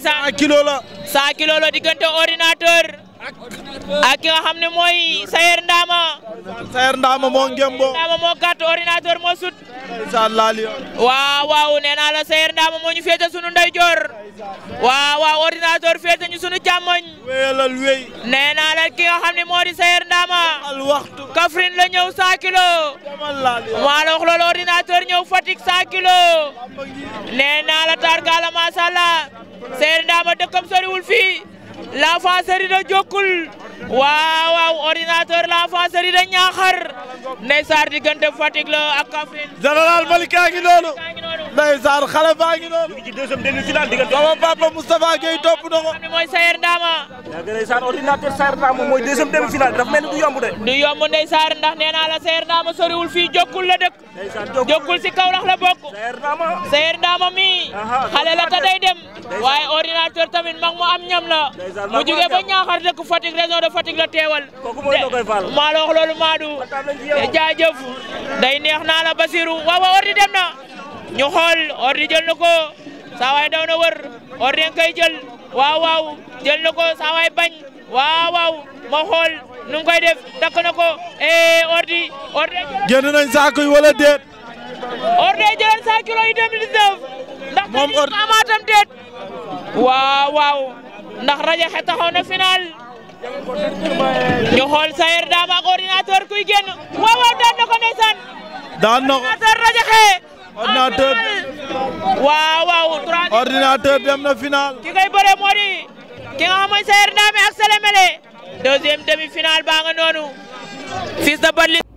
ndeysaan 100 kilo la 100 kilo la diggante ordinateur ak nga xam ne mooy Sayer Ndama Sayer Ndama moo ngembo Ndama moo gàtt ordinateur moo sut nee naa la Sayer Ndama moo ñu féete sunu ndeyjoor waaw waaw ordinateur féete ñu sunu càmmoñ wéyalal wéy nee naa la ki nga xam ne moo di Sayer Ndama al la ñëw 100 kilo maa la wax loolu ordinateur ñëw Fatick 100 kilo nee naa la tarkala masala Seeri Ndaama dëkkam soriwul fii l'enfant Séri da Jokkul waaw waaw ordinateur l'enfant Séri da Ñaaxar ndeysaan diggante Fatick la ak Kaffrine. général Malika a ngi noonu. ndeysaan xale baa ngi noonu. ñu ngi ci deuxième demi-finale diggante. sama papa Moustapha Gueye topp na ko. mooy Sayer Ndama. yaa ngi ndeysaan ordinateur Sayer Ndama nee naa la Sayer Ndama soriwul fii jokkul la dëkk. jokkul si Kaolack la bokk. Sayer Ndama. mii. xale la ta day dem. waaye ordinateur tamit mag mu am ñam la mu jógee ba Ñaaxar dëkk Fatick région de la teewal. kooku mooy Ndogoy Fall maa la Eh, jaajëf day neex naa la Basiru waaw waaw ordi dem na ñu ordi jël na ko saa waay daw na wër ordi nga koy jël waaw jël na ko bañ waaw ma xool nu mu koy def takk na ko eh ordi ordi. génn nañ saako yi wala déet. ordi jëlal 100 kilos yi 2019. ndax tamit amaatam déet. waaw waaw ndax rajo xe taxaw na final. ñu xool Sayer Dame ak ordinateur kuy génn waaw waaw daan na ko ndeysaan. daan na ko ordinateur Radiakhé. ordinateur waaw waaw. ordinateur dem na final. ki koy bëree moo di ki nga xam mooy Sayer Dame ak Sele Mele deuxième demi finale baa nga noonu fils de Badli.